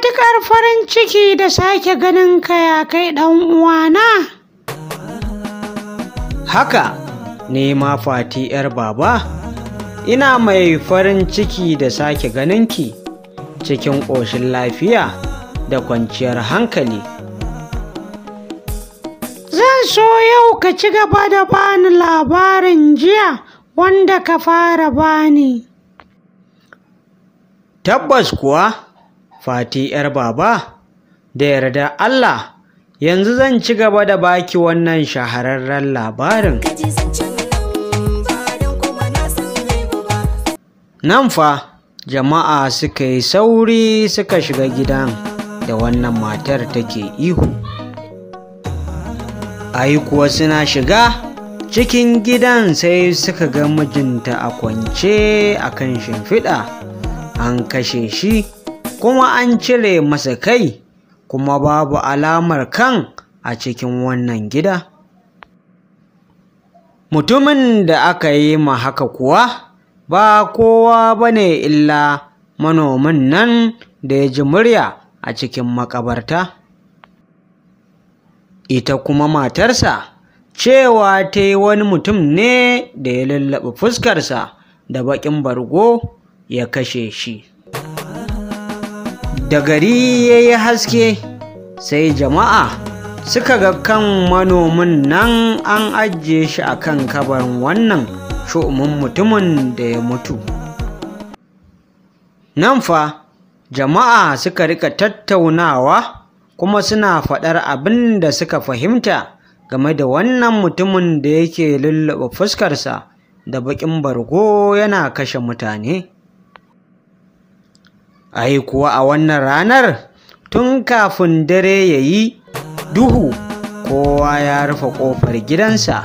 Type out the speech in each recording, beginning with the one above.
matukar farin ciki da sake ganin ka ya kai ɗan uwana. Haka ne ma fati ‘yar baba, ina mai farin ciki da sake ganin ki cikin ƙoshin lafiya da kwanciyar hankali. Zan so yau ka ci gaba da bani labarin jiya wanda ka fara bani. Tabbas kuwa. Fati ‘yar baba, da yarda Allah, yanzu zan ci gaba da baki wannan shahararren labarin. Nan fa, jama'a suka yi sauri suka shiga gidan da wannan matar take ihu. yi kuwa suna shiga cikin gidan sai suka ga mijinta a kwance a kan shimfiɗa, an kashe shi. kuma an cire masa kai kuma babu alamar kan a cikin wannan gida mutumin da aka yi ma haka kuwa ba kowa ba ne illa manomin nan da ya ji murya a cikin makabarta ita kuma matarsa cewa ta yi wani mutum ne da ya lallaɓa fuskarsa da baƙin bargo ya kashe shi da gari ya yi haske sai jama'a suka ga kan manomin nan an ajiye shi a kan kabarin wannan shu'umin mutumin da ya mutu nan fa jama'a suka rika tattaunawa kuma suna faɗar abin da suka fahimta game da wannan mutumin da yake lullaba fuskarsa da baƙin bargo yana kashe mutane ai kuwa a wannan ranar tun kafin dare ya yi duhu kowa ya rufe ƙofar gidansa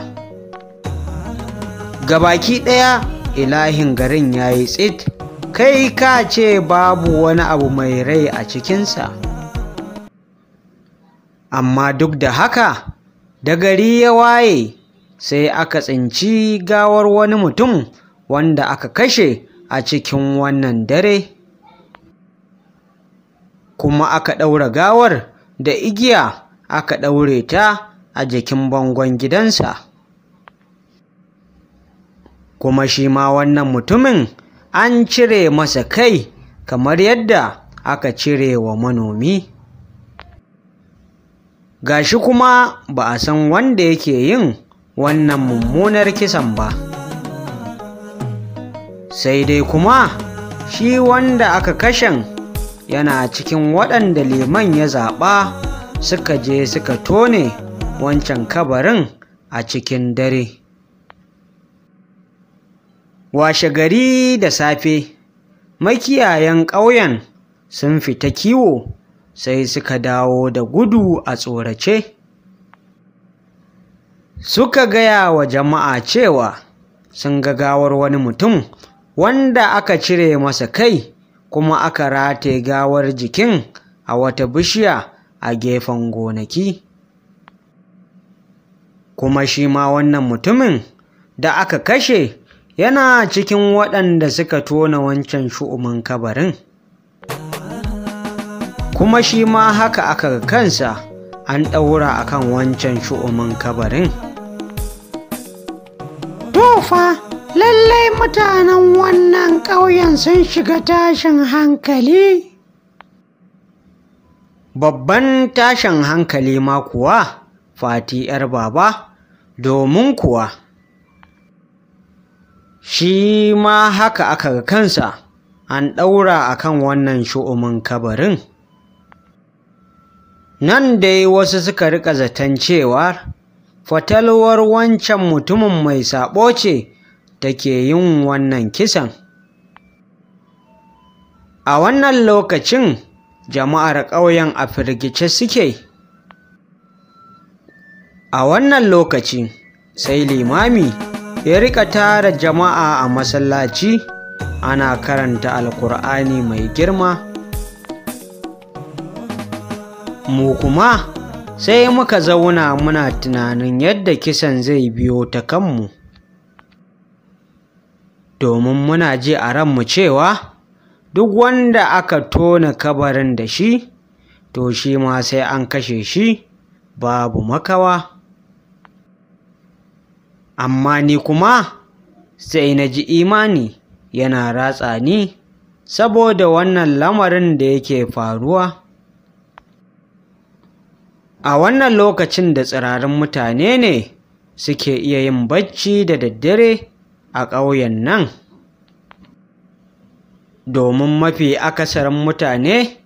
gabaki ɗaya ilahin garin ya yi tsit kai ka ce babu wani abu mai rai a cikinsa amma duk da haka da gari ya waye sai aka tsinci gawar wani mutum wanda aka kashe a cikin wannan dare kuma aka ɗaura gawar da igiya aka ɗaure ta a jikin bangon gidansa kuma shi ma wannan mutumin an cire masa kai kamar yadda aka cire wa manomi gashi kuma ba a san wanda yake yin wannan mummunar kisan ba sai dai kuma shi wanda aka kashen yana cikin waɗanda liman ya zaɓa suka je suka tone wancan kabarin a cikin dare washe gari da safe makiyayan ƙauyen sun fita kiwo sai suka dawo da gudu a tsorace suka gaya wa jama'a cewa sun gagawar wani mutum wanda aka cire masa kai kuma aka rataye gawar jikin a wata bishiya a gefen gonaki kuma shi ma wannan mutumin da aka kashe yana cikin waɗanda suka tona wancan shu'umin kabarin kuma shi ma haka aka kansa an ɗaura akan wancan shu'umin kabarin tofa Mutanen wannan ƙauyen sun shiga tashin hankali. Babban tashin hankali ma kuwa, Fati ‘yar baba, domin kuwa. Shi ma haka aka kansa, an ɗaura a kan wannan shu'umin kabarin. Nan dai wasu suka riƙa zaton cewa, fatalwar wancan mutumin mai saɓo ce. Take yin wannan kisan a wannan lokacin jama'ar ƙauyen a firgice suke a wannan lokaci sai limami ya rika tara jama'a a masallaci ana karanta alkur'ani mai girma mu kuma sai muka zauna muna tunanin yadda kisan zai biyo ta kanmu domin muna ji a ranmu cewa duk wanda aka tona kabarin da shi to shi ma sai an kashe shi babu makawa amma ni kuma sai na ji imani yana ratsa ni saboda wannan lamarin da yake faruwa a wannan lokacin da tsirarin mutane ne suke iya yin bacci da daddare a ƙauyen nan domin mafi akasarin mutane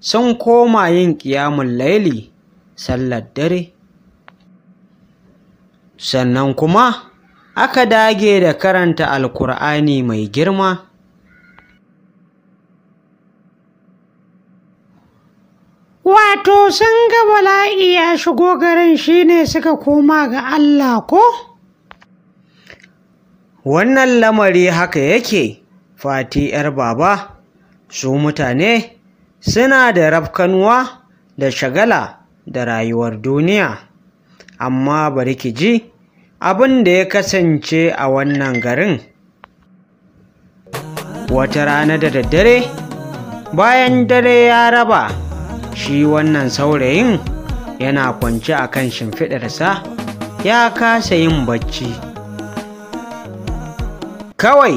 sun koma yin ƙiyamun laili sallar dare sannan kuma aka dage da karanta alkur'ani mai girma wato sun ga bala'i ya shigo garin shine suka koma ga allah ko wannan lamari haka yake fati ‘yar baba su mutane suna da rafkanuwa da shagala da rayuwar duniya amma bari ki ji abin da ya kasance a wannan garin wata rana da daddare bayan dare ya raba shi wannan saurayin yana kwance a kan shimfiɗarsa ya kasa yin bacci kawai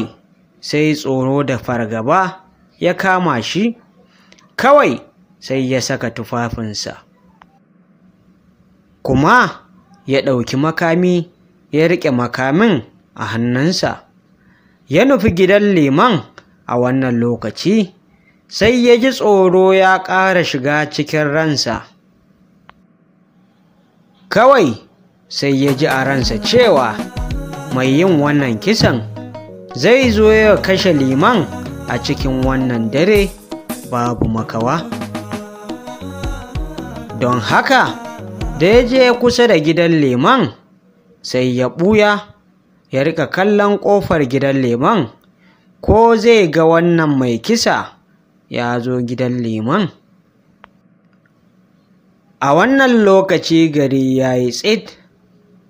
sai tsoro da fargaba ya kama shi kawai sai ya saka tufafinsa kuma ya ɗauki makami ya riƙe makamin a hannunsa ya nufi gidan liman a wannan lokaci sai ya ji tsoro ya ƙara shiga cikin ransa kawai sai ya ji a ransa cewa mai yin wannan kisan zai zo ya kashe liman a cikin wannan dare babu makawa don haka da ya je kusa da gidan liman sai ya ɓuya ya rika kallon ƙofar gidan liman ko zai ga wannan mai kisa ya zo gidan liman a wannan lokaci gari ya yi tsit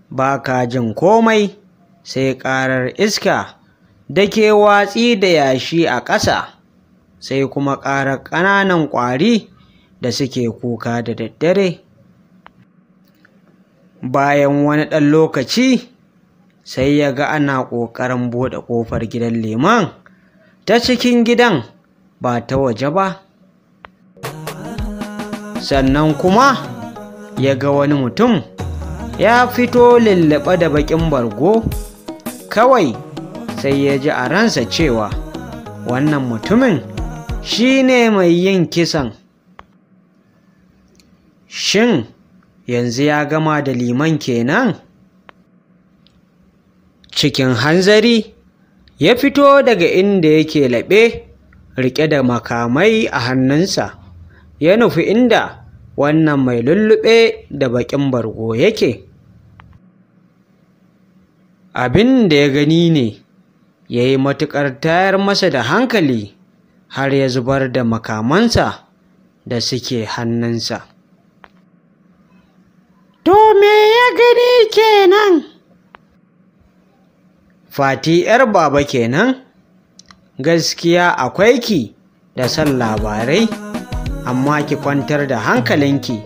ba ka jin komai sai ƙarar iska da ke watsi da yashi a ƙasa sai kuma ƙara ƙananan ƙwari da suke kuka da daddare bayan wani ɗan lokaci sai ya ga ana ƙoƙarin buɗe ƙofar gidan liman ta cikin gidan ba ta waje ba sannan kuma ya ga wani mutum ya fito lullaɓe da baƙin bargo kawai sai ya ji a ransa cewa wannan mutumin shi ne mai yin kisan shin yanzu ya gama da liman kenan cikin hanzari ya fito daga inda yake laɓe riƙe da makamai a hannunsa ya nufi inda wannan mai lullube da baƙin bargo yake abin da ya gani ne ya yi matuƙar tayar masa da hankali har ya zubar da makamansa da suke hannunsa. To me ya gani kenan? Fati ‘yar baba kenan, gaskiya akwai ki da son labarai, amma ki kwantar da hankalinki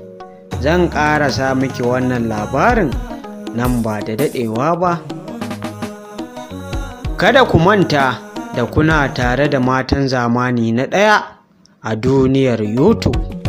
zan ƙarasa miki wannan labarin nan ba da daɗewa ba. Kada ku manta da kuna tare da matan zamani na ɗaya a duniyar YouTube.